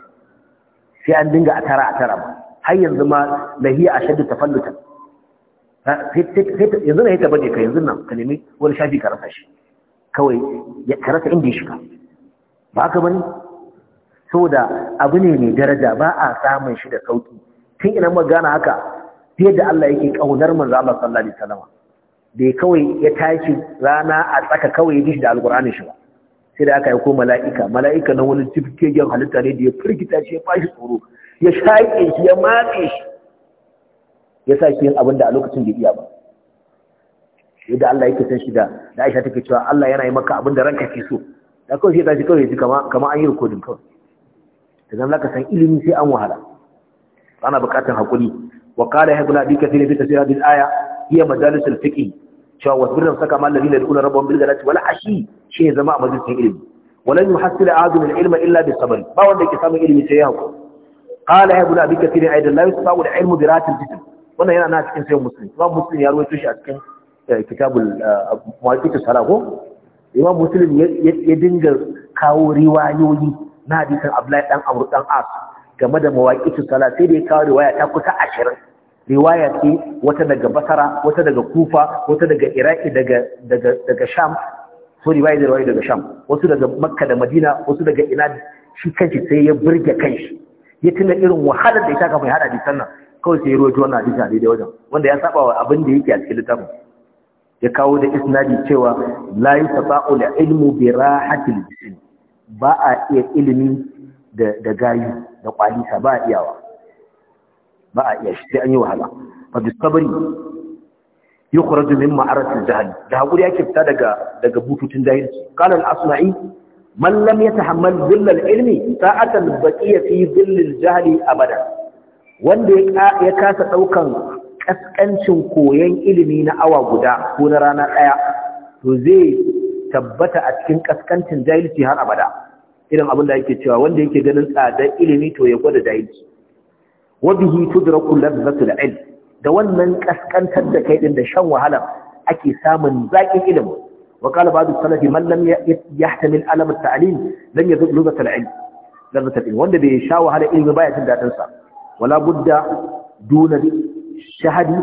Speaker 1: sai an dinga a tara a tara ba har yanzu ma lahiya a shaddu tafalluta yanzu na ya taba ka yanzu nan ka nemi wani shafi ka rasa shi kawai ka rasa inda ya shiga ba ka bane saboda abu ne mai daraja ba a samun shi da sauki tun ina magana haka fiye da Allah yake ƙaunar manzo Allah sallallahu alaihi wasallam bai kawai ya tashi rana a tsaka kawai ya dishi da alqur'ani shi ba sai da aka yi ko mala'ika mala'ika na wani tifkegen halitta ne da ya firgita shi ya bashi tsoro ya shaƙe shi ya matse shi ya sa shi yin abin da a lokacin bai iya ba yadda Allah yake san shi da da Aisha take cewa Allah yana yi maka abin da ranka ke so da kawai sai tashi kawai ji kama kama an yi rikodin kawai da zaka san ilimi sai an wahala ana buƙatar hakuri وقال يحيى بن ابي كثير في تفسير هذه الايه هي مجالس الفقه cewa wasbirin saka ma alladhina yad'una rabbahum bil ghadati wal ashi shi ya zama a majalisin ilimi walan yuhassil a al ilma illa bis sabr ba wanda yake samun ilimi sai ya hakuri qala ya ibn abi kathir ayda la yusba'u a ilmu bi ratil jism wannan yana na cikin sai muslim imam ya rawaito shi a cikin eh, kitabul eh, muwaqqit salaho imam ya dinga kawo riwayoyi na hadisin abdullahi dan amr dan game da mawaƙitu sala sai da ya kawo riwaya ta kusa ashirin riwaya ce wata daga basara wata daga kufa wata daga iraki daga sham Ko riwaya da riwaya daga sham wasu daga makka da madina wasu daga ina shi kanshi sai ya burge kanshi ya tuna irin wahalar da ya taka mai hada hadisan sannan. kawai sai ya roji wannan hadisan daidai wajen wanda ya saba wa abin da yake a cikin littafin ya kawo da isnadi cewa la yustata'u ilmu bi rahatil jism ba a iya ilimi da da gayu da kwalisa ba a iyawa ba a iya shi sai an yi wahala fa bi yi yukhraju min ma'arat al da hakuri yake fita daga daga bututun jahilci qala al-asma'i Mallam ya yatahammal dhill ilmi sa'at baƙi ya fi dhill al abada wanda ya kasa ɗaukan ƙasƙancin koyon ilimi na awa guda ko na rana ɗaya, to zai tabbata a cikin kaskancin jahilci har abada irin abin da yake cewa wanda yake ganin tsadar ilimi to ya gwada da yake wa bihi tudraku ladzatu al-ilm da wannan kaskantar da kai din da shan wahala ake samun zakin ilimi wa qala ba'du salafi man lam yahtamil alam at-ta'lim lam yazid lughata al-ilm ladzatu al-ilm wanda bai sha wahala ilimi baya jin dadin sa wala budda duna shahadi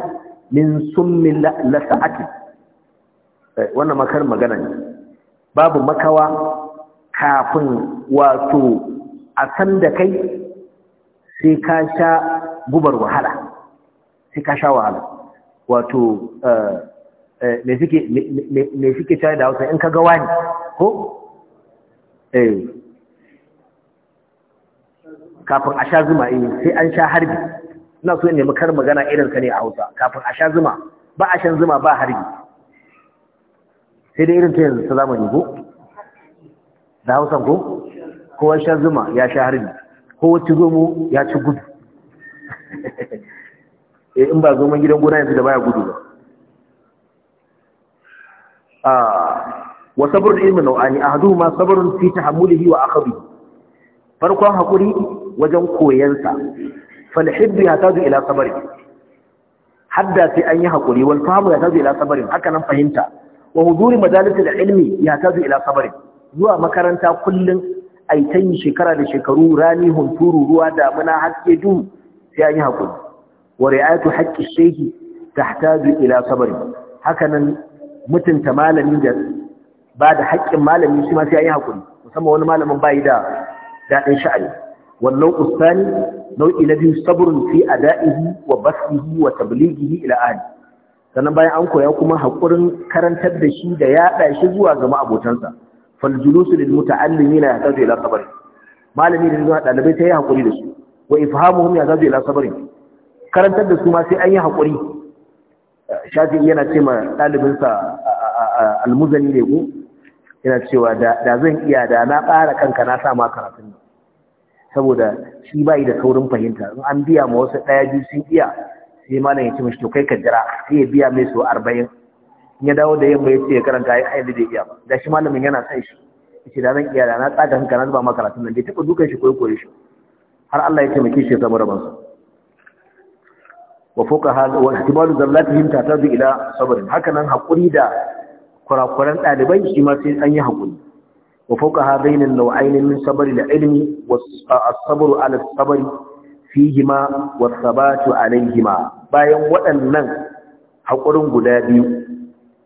Speaker 1: min summin lasa'ati eh, wannan makar magana ne babu makawa kafin wato a san da kai sai ka sha gubar wahala sai ka sha wahala wato eh, eh, me suke tare da hausa in ka gawa ne ko? eh kafin a sha zuma eh sai an sha harbi ina so nemi kar magana ka ne a hausa kafin a sha zuma ba a shan zuma ba harbi sai dai irin ta yanzu ta zamani ko? da hausan ko kowa sha zuma ya sha harbi kowa ci zomo ya ci gudu eh, in ba zoman gidan gona yanzu da baya gudu ba ah, wa sabrul ilmi nau'ani ma sabrun fi tahammulihi wa akhadhi farkon hakuri wajen koyansa ya tazu ila sabari hadda sai an yi hakuri wal ya tazu ila sabari haka nan fahimta wa huduri majalisar ilmi tazu ila sabari zuwa makaranta kullum a yi ta shekara da shekaru rani hunturu ruwa damuna haske duhu sai an yi haƙuri wa ri'ayatu haƙƙi shehi tahtaju ila sabari hakanan mutunta malami da ba da haƙƙin malami shi ma sai an yi haƙuri musamman wani malamin bayi da daɗin sha'ani wannan ustani nau'i na biyu sabrun fi ada'ihi wa basihi wa tablighihi ila ahli sannan bayan an koya kuma haƙurin karantar da shi da yaɗa shi zuwa ga ma'abotansa faljulusu lil muta'allimina yahtaju ila sabr malami da zuwa dalibai sai hakuri da su wa ifhamuhum yahtaju ila sabr karantar da su ma sai an yi hakuri shafi yana ce ma dalibin sa almuzani ne ko yana cewa da zan iya da na ƙara kanka na sa ma karatun saboda shi bai da saurin fahimta in an biya ma wasu ɗaya biyu sun iya sai malam ya ce mashi to kai ka jira sai ya biya mai so arba'in ya dawo da yamma ya ce ya karanta ya ayyadi da iya ga shi malamin yana san shi ce da zan iya da na tsaga hanka na zuba makaratun nan bai taɓa dukan shi koyo koyi shi har Allah ya taimake shi ya samu rabon? rabansa wa fuka hal wa ihtimalu zallatihim tatadu ila sabrin haka nan hakuri da kurakuran ɗaliban shi ma sai an yi hakuri wa fuka hadain nau'ain min sabri da ilmi was sabru ala sabri fihima was sabatu alaihima bayan waɗannan hakurin guda biyu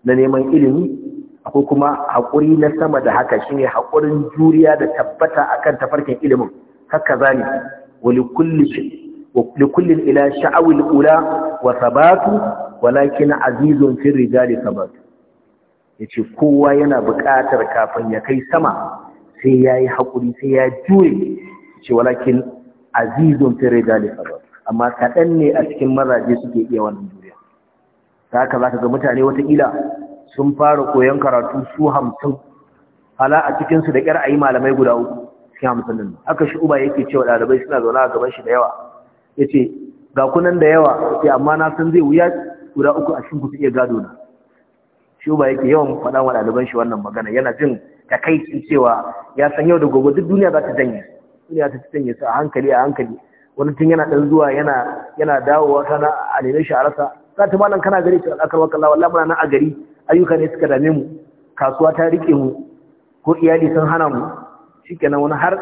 Speaker 1: na neman ilimi ko kuma haƙuri na sama da haka shine haƙurin juriya da tabbata akan tafarkin ilimin haka zani wa likullin ila sha'awil ula wa sabatu walakin azizun fi rijali sabatu yace kowa yana buƙatar kafin ya kai sama sai yayi haƙuri sai ya jure ce walakin azizun fi rijali sabatu amma kaɗan ne a cikin mazaje suke iya wannan ta haka za ka ga mutane watakila sun fara koyon karatu su hamsin hala a cikinsu da ƙyar a yi malamai guda uku cikin hamsin nan haka shi uba yake cewa ɗalibai suna zaune a gaban shi da yawa ya ce ga kunan da yawa ya amma na san zai wuya guda uku a cikin kusa, iya gado na shi uba yake yawan faɗa wa ɗaliban shi wannan magana yana jin takaici cewa ya san yau da gobe duk duniya za ta janye duniya ta janye su a hankali a hankali wani tun yana ɗan zuwa yana yana dawowa kana a nemi shi a rasa za ta malam kana gari cikin akar wakalla wallah muna nan a gari ayyuka ne suka dame mu kasuwa ta rike mu ko iyali sun hana mu shikenan wani har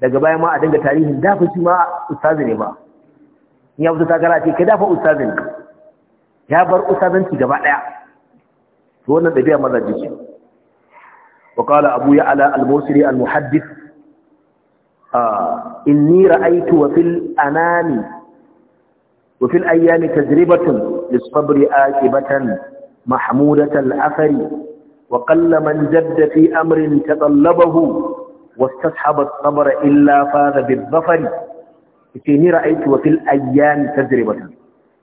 Speaker 1: daga baya ma a dinga tarihin dafa shi ma ustazi ne ba in ya fito takara ce kai dafa ustazi ne ya bar ustazanci gaba daya to wannan dabi'a mazaji ce wa qala abu ya'la al-musri al-muhaddith ah, inni ra'aytu wa fil anami وفي الأيام تجربة للصبر آكبة محمودة الأثر وقل من جد في أمر تطلبه واستصحب الصبر إلا فاز بالظفر يتيني رأيت وفي الأيام تجربة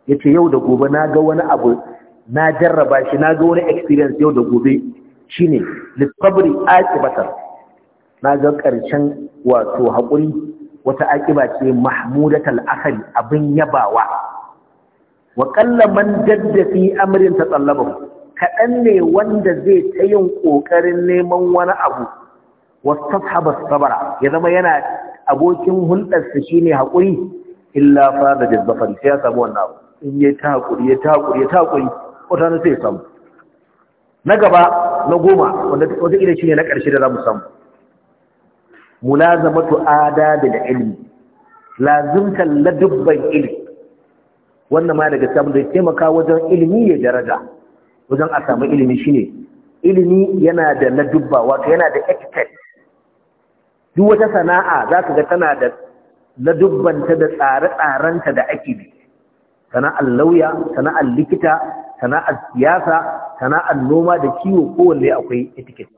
Speaker 1: يتي يود قوبة ناقونا أبو ناجربا شي ناقونا اكسبرينس يود قوبة شيني للصبر آكبة ناقوك أرشان وتوهقون وتأكبة محمودة الأخر أبن يباوع wa qalla man jadda fi amrin tatallaba Kaɗan ne wanda zai ta yin ƙoƙarin neman wani abu wastahaba sabara ya zama yana abokin hulɗar sa shine hakuri illa fa da zafari sai ya samu wannan abu in ya ta haƙuri, ya ta haƙuri, ya ta haƙuri, wata ne sai ya samu na gaba na goma wanda wata ila shine na ƙarshe da za mu samu mulazamatu adabil ilmi lazimtan ladubban ilmi wannan ma daga samun da ya taimaka wajen ilimi ya daraja wajen a samu ilimi shine ilimi yana da ladubba wato yana da etiquette duk wata sana'a za ka ga tana da ladubbanta da tsare-tsarenta da ake bi sana'ar lauya sana'ar likita sana'ar siyasa sana'ar noma da kiwo kowanne akwai etiquette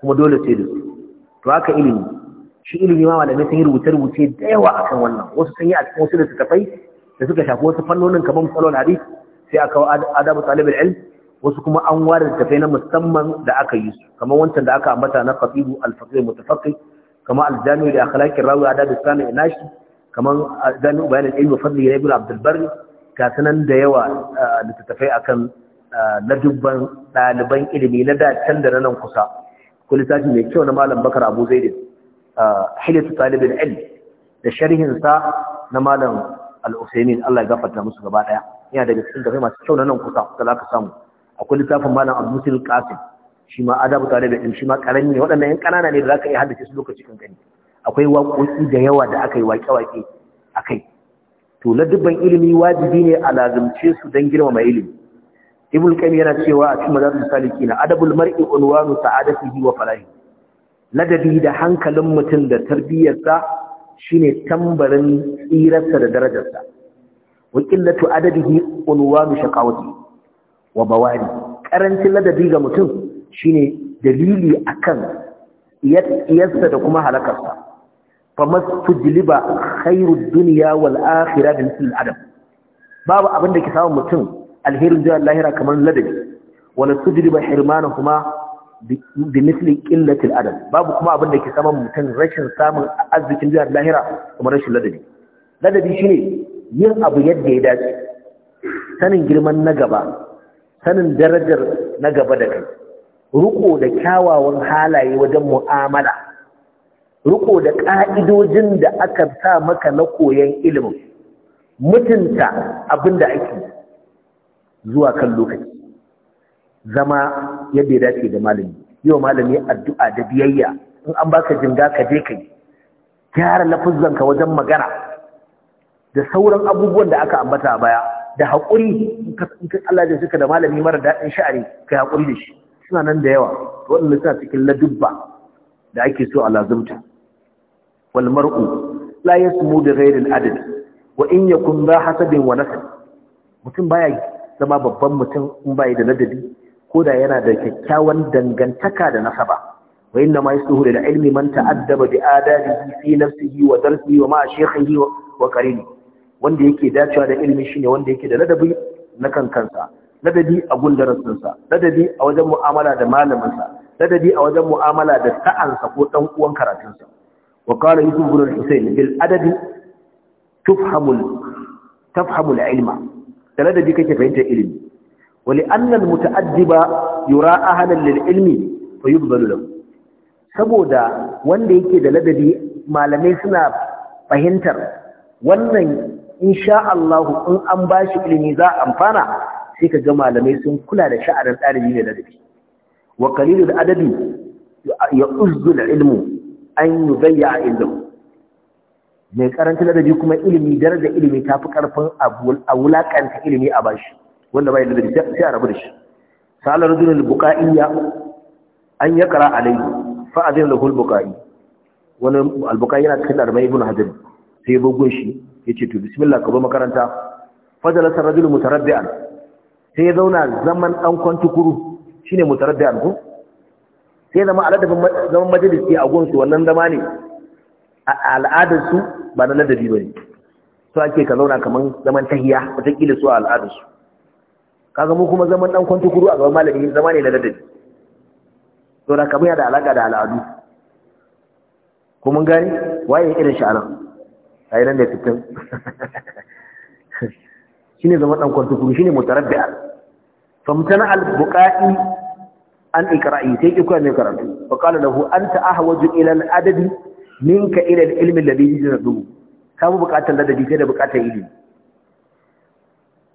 Speaker 1: kuma dole sai da su to haka ilimi shi ilimi ma malamai sun yi rubuce-rubuce da yawa akan wannan wasu sun yi a cikin wasu littattafai da suka shafi wasu fannonin kamar misalon hadith sai aka adabu talibul ilm wasu kuma an ware tafai na musamman da aka yi su kamar wancan da aka ambata na qatibu al-faqih mutafaqqi kamar al-jami' li akhlaqi rawi adab al-sami' nashi kamar al-jami' bayan al-ilm wa fadli ibn abd al-barr sanan da yawa da ah, tafai akan ah, dubban daliban ilimi na da can da nan kusa ko littafi mai kyau na malam bakar abu zaid ah, hilatu talibul ilm da sharhin sa na malam al Allah ya gafarta musu gaba ɗaya. yana daga cikin gafe masu kyau na nan kusa da ka samu akwai littafin malam Abdul Qasim shi ma adabu tare da shi ma ne waɗannan yan ƙanana ne da ka iya haddace su lokaci gani akwai waƙoƙi da yawa da aka yi waƙe-waƙe akai to dubban ilimi wajibi ne a lazumce su don girmama ilimi ibn yana cewa a cikin mazhabul salikina adabul mar'i unwanu sa'adatihi wa falahi ladabi da hankalin mutum da tarbiyyarsa shine tambarin tsirarsa da darajarsa wa qillatu adadihi unwanu shaqawati wa bawari karancin ladabi ga mutum shine dalili akan iyarsa da kuma halakarsa famastujliba khairud dunya wal akhirah bi misl adam babu abin da ke samun mutum alherin zuwa lahira kamar ladabi wala tujliba hirmanahuma bi misli qillatil adam, babu kuma abin da ke saman mutum rashin samun arzikin jihar lahira kuma rashin ladabi ladabi shine yin abu yadda ya dace sanin girman na gaba sanin darajar na gaba da kai riko da kyawawan halaye wajen mu'amala riko da ƙa'idojin da aka sa maka na koyon ilimin mutunta abin da ake zuwa kan lokaci zama yadda ya dace da malami yau malami addu'a da biyayya in an baka jinga ka je kai gyara ka wajen magana da sauran abubuwan da aka ambata a baya da haƙuri in ka da suka da malami mara daɗin sha'ari ka haƙuri da shi suna nan da yawa waɗanda suna cikin ladubba da ake so a lazumta wal mar'u la yasmu da ghairil adad wa in yakun ba hasabin wa nasab mutum baya zama babban mutum in bai da ladabi Koda yana da kyakkyawan dangantaka da nasaba wa inna ma yasuhu lil ilmi man ta'addaba bi adabihi fi nafsihi wa darsihi wa ma shaykhihi wa qarini wanda yake dacewa da ilmi shine wanda yake da ladabi na kankansa ladabi a gundarasinsa ladabi a wajen mu'amala da malaminsa ladabi a wajen mu'amala da sa'ansa ko dan uwan karatunsa wa qala yusuf ibn husayn bil adabi tufhamu tafhamu ilma da ladabi kake fahimtar ilimi ولأن المتأدب يرى أهلا للعلم فيقبل له saboda wanda yake da ladabi malamai suna fahimtar wannan insha Allah in an bashi ilimi za a amfana sai ka ga malamai sun kula da sha'anin ɗalibi ne ladabi wa qalilul adabi ya uzzul ilmu an yudayya ilmu mai karanta ladabi kuma ilimi daraja ilimi ta fi karfin a wulakanta ilimi a bashi wanda bai da sai a rabu da shi salar rajulul buqaiya an yaqra alayhi fa azin lahul buqai wani al-buqai yana cikin arba ibn hajar sai bugun shi yace to bismillah ka ba makaranta fadala sarrajul mutarabbi'an sai ya zauna zaman dan kuru shine mutarabbi'an ko sai zama aladabin zaman majalisi a gonsu wannan zama ne a al'adarsu ba na ladabi bane to ake ka zauna kaman zaman tahiya wata kila su a al'adarsu kaga mu kuma zaman dan kwanto kudu a gaban malami zama ne na ladabi to da kamar da alaka da al'adu ko mun gani waye irin shi anan sai nan da fitin shine zaman dan kwanto kudu shine mutarabbi'a famtana al-buqa'i an ikra'i sai ki ne karatu fa qala lahu anta ahwaju ila al-adabi minka ila al-ilmi alladhi yajrubu kamu buƙatar ladabi sai da buƙatar ilimi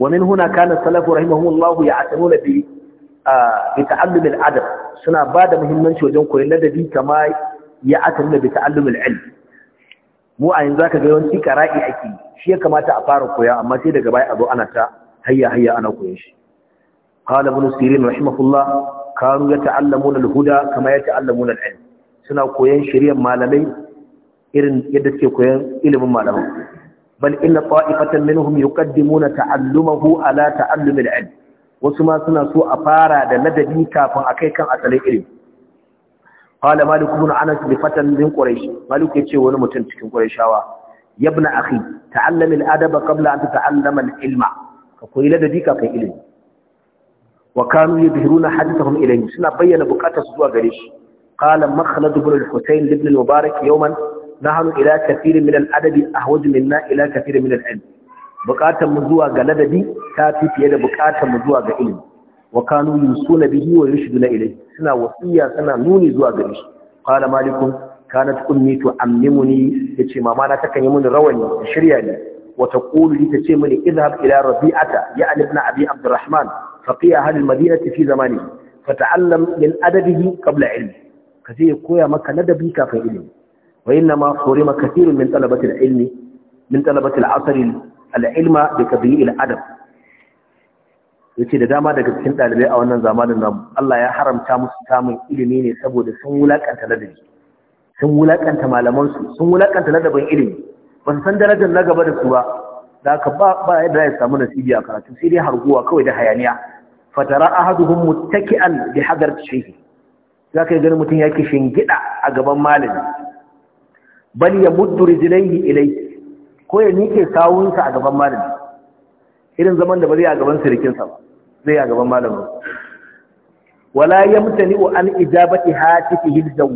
Speaker 1: ومن هنا كان السلف رحمهم الله يعتنون ب بتعلم الادب سنا بعد muhimmanci wajen koyon ladabi kama ya atanna bi ilm mu a yanzu aka ga yawanci qara'i ake shi ya kamata a fara koya amma sai daga baya a zo ana ta hayya hayya ana koyon shi qala ibn sirin rahimahullah kanu yata'allamuna al-huda kama yata'allamuna al-ilm suna koyon shari'ar malamai irin yadda suke koyon ilimin malamai bal inna ta'ifatan minhum yuqaddimuna ta'allumahu ala ta'allum al-ilm wasu ma suna so a fara da ladabi kafin akai kan asalin ilimi qala malik ibn anas bi fatan min quraish malik yace wani mutum cikin qurayshawa ya ibn akhi ta'allam adaba qabla an tata'allama al-ilma ka koyi ladabi kafin ilimi wa kanu yadhhiruna hadithahum ilayhi suna bayyana buƙatar su zuwa gare shi qala makhlad ibn al mubarak yawman Na nahnu ila kathirin min al-adabi ahwaju minna ila kathirin min al-ilm bukatar mu zuwa ga ladabi ta fi fiye da bukatar zuwa ga ilimi wa kanu yusuna bihi wa yushiduna ilayhi suna wasiya suna nuni zuwa gare shi qala malikun kanat ummi tu'ammimuni yace mama na takan yi mini rawani shirya ne wa taqulu li tace mini idhhab ila rabi'ata ya ali ibn abi abdurrahman faqiha ahli almadinati fi zamani Fata fata'allam min kabla adabihi Ka ilmi ya koya maka ladabi kafin ilimi وإنما حرم كثير من طلبة العلم من طلبة العصر العلم بكبير الأدب yace da dama daga cikin dalibai a wannan zamanin nan Allah ya haramta musu samun ilimi ne saboda sun wulakanta ladabi sun wulakanta malaman su sun wulakanta ladabin ilimi ba san darajar na gaba da su ba da ka ba ba yadda ya samu nasibi a karatu sai dai harguwa kawai da hayaniya fatara ahaduhum muttaki'an bi hadar shaykh zaka ga mutum yake shingida a gaban malami bal ya muddu rijlaihi ilai ko ya nike kawunsa a gaban malami irin zaman da ba zai a gaban sirikinsa ba zai a gaban malamin wala yamtani an ijabati hatihi al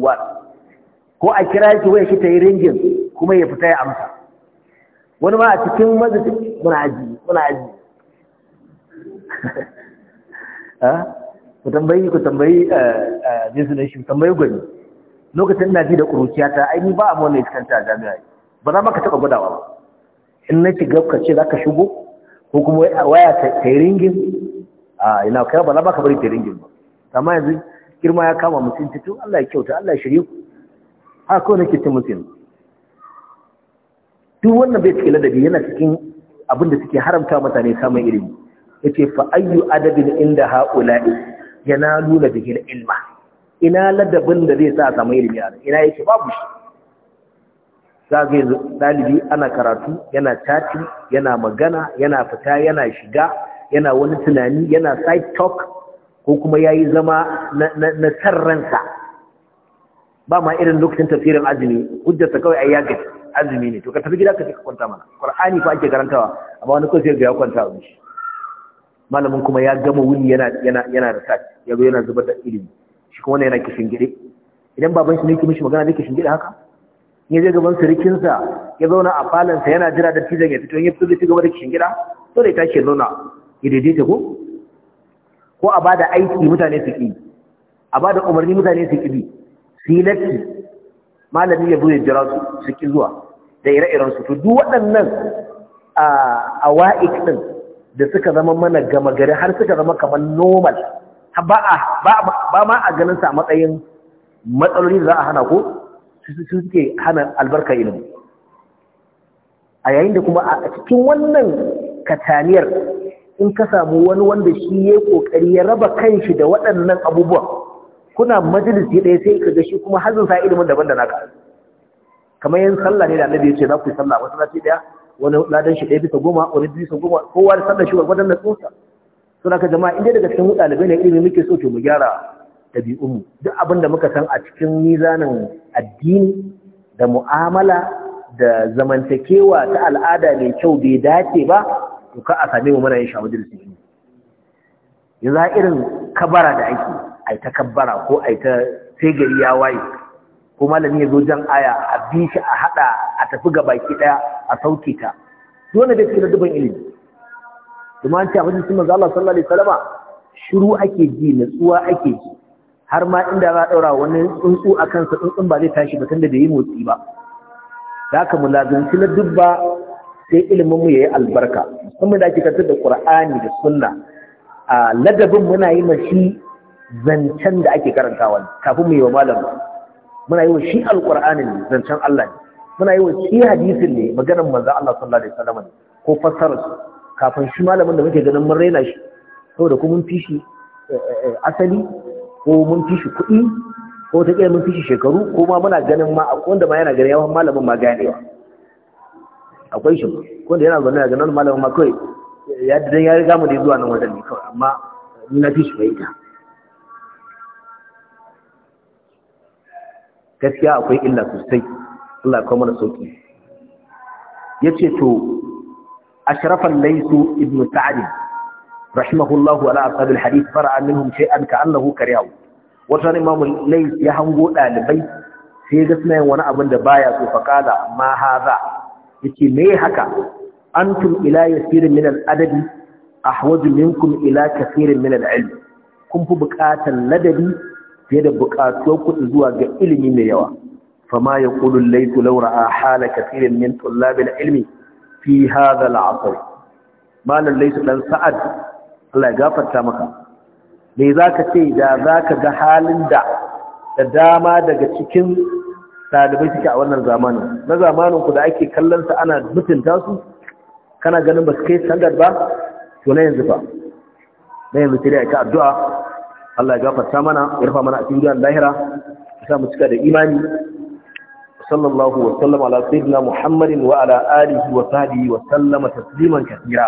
Speaker 1: ko a kira shi waya shi ta yi ringin kuma ya fita ya amsa wani ma a cikin majalisi muna ji muna ji ah, ku tambayi ku tambayi eh, eh, business ku tambayi gwani lokacin ina ji da kuruciya ta ai ni ba a mona iskanta a jami'a ba za maka taba gudawa ba in na shiga ka ce zaka shigo ko kuma waya ta yi ringin a ina kai ba za maka bari ta ringin ba amma yanzu girma ya kama mutum tun Allah ya kyauta Allah ya shirye ku haka kawai nake ta mutum duk wannan bai cikin ladabi yana cikin abin da suke haramta mutane samun ilimi yace fa ayyu adabin inda haula'i yanalu bihi ilma ina ladabin da zai sa a samu ilimi a ina yake babu shi za ga zo, ɗalibi ana karatu yana tati yana magana yana fita yana shiga yana wani tunani yana side talk ko kuma ya yi zama na sarransa ba ma irin lokacin tafsirin azumi hujjarsa kawai a ya gaji azumi ne to ka tafi gida ka ka kwanta mana ƙwar'ani fa ake karantawa amma wani kawai sai ya kwanta a wuce malamin kuma ya gama wuni yana da sati yana zubar da ilimi shi wannan yana kishin gire idan baban shi ne ki mishi magana ne kishin gire haka ya je gaban sirikinsa ya zauna a falansa yana jira da tijan ya fito ya fito zai ci gaba da kishin gida dole ya tashi ya zauna ya daidaita ko ko a bada aiki mutane su ki a bada umarni mutane su ki su latti malami ya zo ya jira su su zuwa da ire-iren su to duk waɗannan a wa'ik din da suka zama mana gama gari har suka zama kamar normal ba ma a ganin sa matsayin matsaloli da za a hana ko su suke hana albarka ilimi a yayin da kuma a cikin wannan kataniyar in ka samu wani wanda shi ya kokari ya raba kanshi da waɗannan abubuwa. kuna majalis ya ɗaya sai ka ga shi kuma hazin sa ilimin daban da naka kamar yin sallah ne da annabi ya ce za ku yi sallah masallaci ɗaya wani ladan shi ɗaya bisa goma wani bisa goma kowa da sallah shi wa na tsosa suna ka jama'a inda daga cikin ɗalibai na ilimi muke so to mu gyara ɗabi'unmu duk abin da muka san a cikin nizanin addini da mu'amala da zamantakewa ta al'ada mai kyau bai dace ba to ka a same mu muna yin shawar jirgin yi yanzu ha irin kabara da ake yi ta kabara ko yi ta sai gari ya waye ko malami ya zo jan aya a bi shi a haɗa a tafi ga baki ɗaya a sauke ta dole da ilimi kuma an ce abin sun manzo Allah sallallahu alaihi wasallama shiru ake ji natsuwa ake ji har ma inda za a daura wani tsuntsu a kansa tsuntsun ba zai tashi ba tunda da yi motsi ba da ka mu lazanci na dubba sai ilimin mu yayi albarka musamman da ake karantar da Qur'ani da Sunna a ladabin muna yi mashi zancen da ake karantawa kafin mu yi wa malam muna yi wa shi alqur'anin zancen Allah ne muna yi wa shi hadisin ne maganar manzo Allah sallallahu alaihi wasallam ko fassarar kafin shi malamin da muke ganin mun raina shi saboda ko mun fi shi eh, eh, eh, asali ko mun fi shi kuɗi ko ta mun fi shi shekaru ko ma muna ganin ma wanda ma yana ganin yawan malamin ma ganewa akwai shi da yana zaune a ganin malamin ma kawai ya dan ya riga mu da zuwa nan wajen ne kawai amma ni na fi shi bai ta gaskiya akwai illa sosai Allah ya kawo mana sauki yace to أشرف الليث ابن سعد رحمه الله على أصحاب الحديث فرع منهم شيئا كأنه كرياو وكان إمام الليث يهنغو لبيت sai ga suna yin wani abin da baya so fa kaza ma haza yace me haka antum ila yasirin min al-adabi ahwaju minkum ila kathirin min al-ilm kun fi buƙatar ladabi fiye da buƙatuwar ku zuwa ga ilimi mai yawa fama yaqulu al-laytu law hala kathirin min tullab ilmi fi hadha al'asr malam laysa dan sa'ad Allah ya gafarta maka me zaka ce da zaka ga halin da da dama daga cikin ɗalibai suke a wannan zamanin na zamanin ku da ake kallon sa ana mutunta su kana ganin ba su kai standard ba to na yanzu fa na yanzu sai dai ka addu'a Allah ya gafarta mana ya rufa mana a cikin lahira ya sa mu cika da imani wa sallam ala sayyidina muhammadin wa ala alihi wa sahbihi wa sallama tasliman kathira